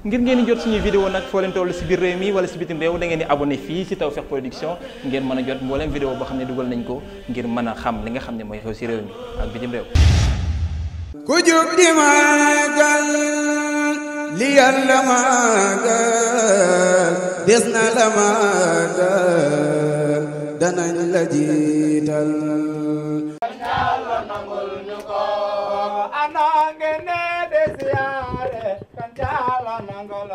ngir ngeen jot suñuy vidéo nag foo leen si biir réew mi wala si bitim réew da ngeen di abonné fii si Tawfekh Production ngeen mën a jot mbooleem vidéo boo xam ne dugal nañ ko ngir mën a xam li nga xam ne mooy xew si réew mi ak bitim réew ku jóg di màggal li yàlla màggal des danañ la jiital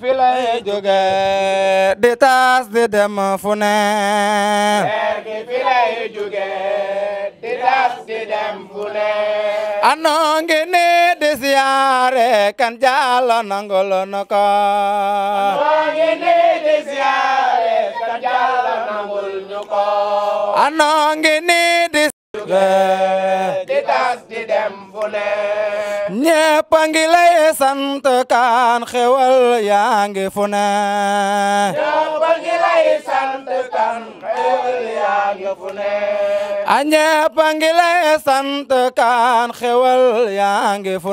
fi lay jóge di taas di dem fu ne leer gi fi lay jóge di taas di dem fu ne anoo ngi ni di siyaare kan jàlla nangul na ko anoo ngi ni di siyaare kan jàlla nangul ñu ko anoo ngi ni ne di tas di dem lay sant kaan yaa ngi fu a ngi lay lay sant kaan yaa ngi fu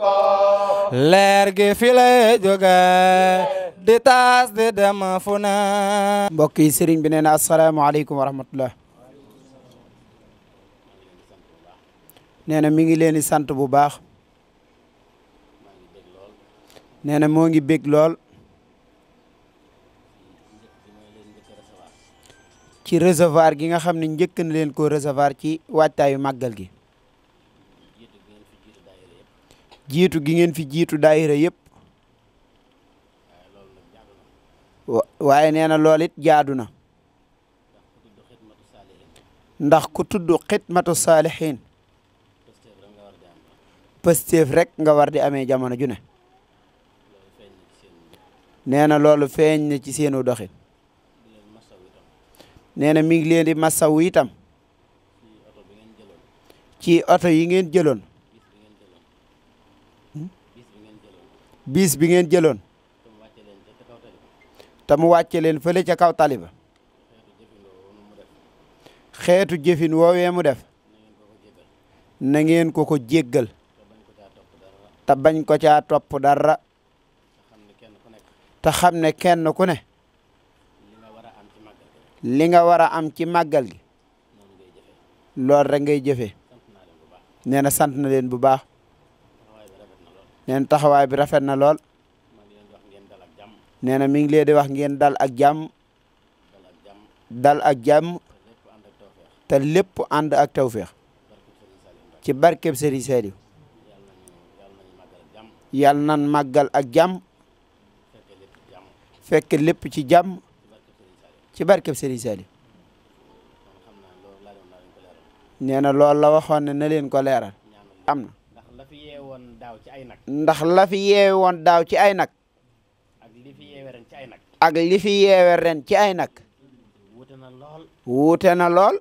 leer gi fi lay di taas di dem fu ne mbokk yi sëriñ bi nee na asalaamaaleykum wa rahmatullah nee na mi ngi leen di sant bu baax nee na moo ngi bég lool ci recevoir gi nga xam ne njëkk leen ko recevoir ci waajtaayu màggal gi jiitu gi ngeen fi jiitu daayira yëpp waaye nee na lool jaadu na ndax ku tudd xidmatu saalixiin Pastef rek nga war di amee jamono ju ne nee na loolu feeñ na ci seenu doxin nee na mi ngi leen di masawu itam ci oto yi ngeen jëloon biis bi ngeen jëloon te mu wàcce leen fële ca kaw tali xeetu jëfin woowee mu def na ngeen ko ko jéggal te bañ ko caa topp dara te xam ne kenn ku ne li nga war a am ci màggal gi loolu rek ngay jëfee sant na leen bu baax neen taxawaay bi rafet na lool nee na mi ngi leen di wax ngeen dal ak jàmm dal ak jàmm te lépp ànd ak tawféex ci barkeb Serigne Saliou yàlla nan màggal ak jàmm fekk lépp ci jàmm ci barkeb Serigne Saliou nee na loolu la waxoon ne na leen ko leeral fi yeewoon daaw ci ay nag. ndax la fi yeewoon daaw ci ay nag. ak li fi ren ci ay nag. ak li fi ren ci ay nag. wuute na lool. wuute na lool.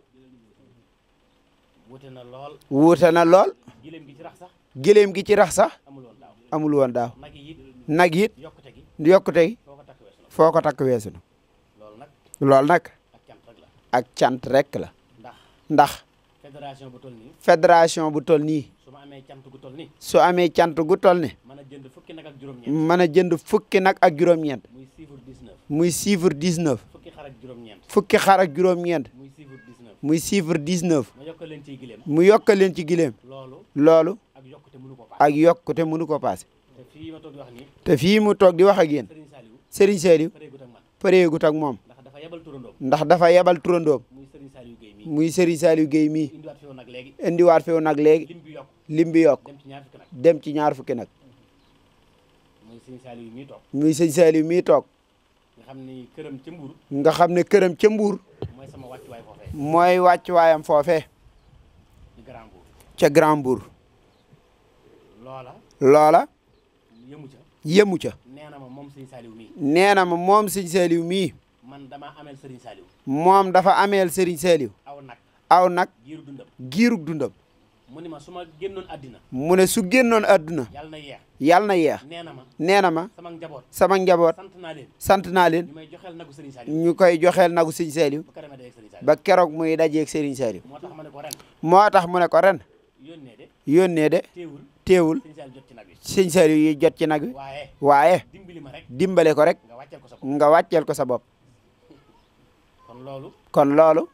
wuute na lool. wuute na lool. gileem gi ci rax sax. gileem gi ci rax sax. amul woon daaw nag yi nag yi yokkute gi yokkute gi. foo ko takk weesu na. loolu nag. loolu nag. ak cant rek la. ak ndax. fédération bu toll nii. fédération nii. su ma amee cant gu toll ni su amee cant gu toll a jënd fukki nag ak juróom-ñeent mën a jënd fukki nag juróom-ñeent muy chiffre 19 fukki xar juróom-ñeent muy chiffre 19 mu yokk ci gileem loolu ak yokkute mënu ko te fii toog di wax nii te fii mu moom ndax dafa yebal turandoom muy Serigne Saliou Gueye mii muy Serigne Saliou Gueye mii lim bi yokk dem ci ñaar fukki nag muy sëñ Saliou mii toog muy sëñ toog nga xam ne këram ca nga xam ne këram ca Mbuur mooy sama wàccuwaay foofee mooy wàccuwaayam ca Grand Mbour loola loola yëmu yëmu ca nee na ma moom sëñ Saliou mii nee na ma moom sëñ Saliou mii man dama ameel Serigne moom dafa ameel sëriñ Saliou aw nag aw nag giirug dundam dundam mu ne ma su ma génnoon àddina. mu ne su génnoon àdduna. yàlla na yeex. nee na ma nee na ma. sama njaboot sama njaboot. sant naa leen sant naa leen. ñu koy joxeel nagu Serigne Saliou. ñu koy joxeel nagu Serigne Saliou. ba keroog muy dajeeg Serigne Saliou. moo tax mu ko ren. moo tax mu ne ko ren. yónnee de. yónnee de. teewul teewul. Serigne Saliou yi jot ci nag wi. waaye. waaye. dimbali ma rek. dimbale ko rek. nga wàcceel ko sa nga wàcceel ko sa bopp. kon loolu.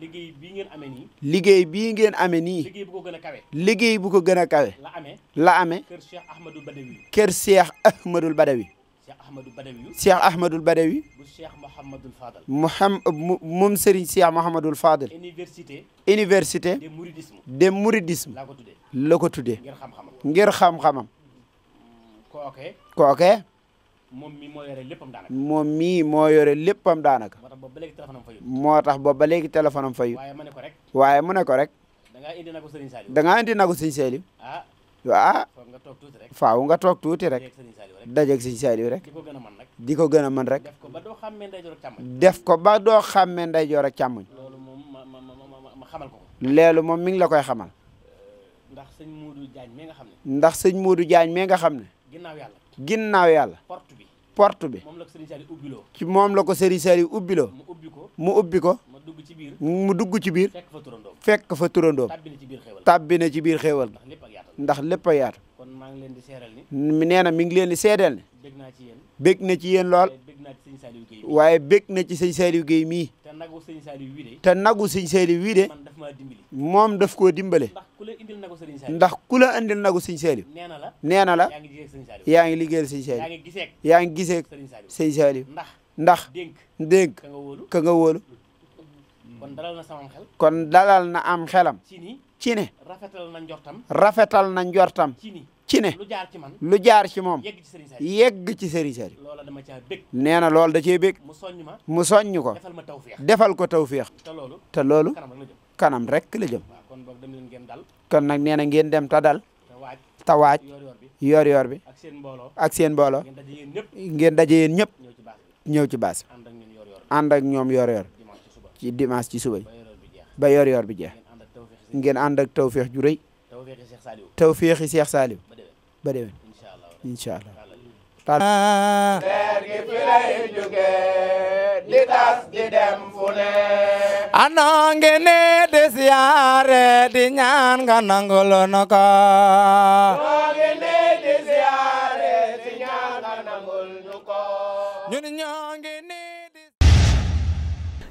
liggéey bii ngeen amee nii. liggéey bii ngeen amee nii. liggéey bu ko gën a kawe. liggéey bu ko gën a kawe. la amee la amee. kër Cheikh Ahmadul Badawi. kër Cheikh Ahmadul Badawi. Cheikh Ahmadul Badawi. Cheikh Ahmadul Badawi. bu Cheikh Mouhamadul Fadal. Mouham moom Serigne Cheikh Mouhamadul Fadal. université. université. de mouridisme. de mouridisme. la ko tuddee. la ko tuddee. ngir xam-xamam. ngir xam-xamam. kooke. kooke. moom mii moo yore léppam daanaka. moom mii moo yore léppam daanaka. moo tax ba ba léegi téléphone moo tax ba ba léegi téléphone am fayul. waaye mu ne ko rek. waaye mu ne ko rek. da indi nagu Serigne Saliou. da ngaa indi nagu Serigne Saliou. ah. waaw faaw nga toog tuuti rek. faaw nga toog tuuti rek. dajeeg Serigne Saliou rek. di ko gën a mën rek. di ko gën a mën rek. def ko ba doo xam ndeyjoor ak càmmoñ. def ko ba doo xàmmee ndeyjoor ak càmmoñ. loolu moom ma ma ma ma xamal ko. leelu moom mi ngi la koy xamal. ndax sëñ Modou Diagne mi nga xam ndax sëñ Modou Diagne mi nga xam ne ginnaaw yàlla ginnaaw yàlla porte bi porte bi moom la ko Serigne Saliou ubbiloo ci moom la ko Serigne Saliou ubbiloo mu ubbi ko mu ubbi ko mu dugg ci biir mu dugg ci biir fekk fa turandoom fekk fa turandoom tàbbi na ci biir xéewal tàbbi na ci ndax lépp a yaatu. kon maa ngi leen di seeral ni. nee na mi ngi leen di seedeel ni. bég naa ci yéen. bég na ci yéen lool. waaye bég na ci sëñ Saliou Guèye mii. te nagu sëñ Saliou wii de. te nagu sëñ Saliou wii de. moom daf koo dimbale. ndax ku la indil nagu sëñ Saliou. ndax ku la indil nagu sëñ Saliou. nee na la. nee na la yaa ngi liggéeyal sëñ Saliou. yaa ngi gisee. yaa ngi gisee sëñ Saliou. ndax ndax. dénk ka nga wóolu. kon dalal na sama xel. kon dalal na am xelam. ci ni ci ne rafetal na njortam rafetal na njortam ci ne lu jaar ci man lu jaar ci moom yegg ci sëriñ sëriñ loola dama caa nee na loolu da cee bég mu soññ ma mu soññ ko defal ma tawféex defal ko tawféex te loolu te loolu kanam rek la jëm kon boog dem leen ngeen dal kon nag nee na ngeen dem ta dal ta waaj yor yor bi ak seen mbooloo ak seen mbooloo ngeen daje yen ñëpp ñëw ci baas ànd ñoom yor yor ci dimanche ci suba ba yor yor bi jeex ngeen ànd ak tawféex ju rëy tawféexi Seex Saaliw ba déwén incha allah leer gi dem fu ne anoo ngi ne di siyaare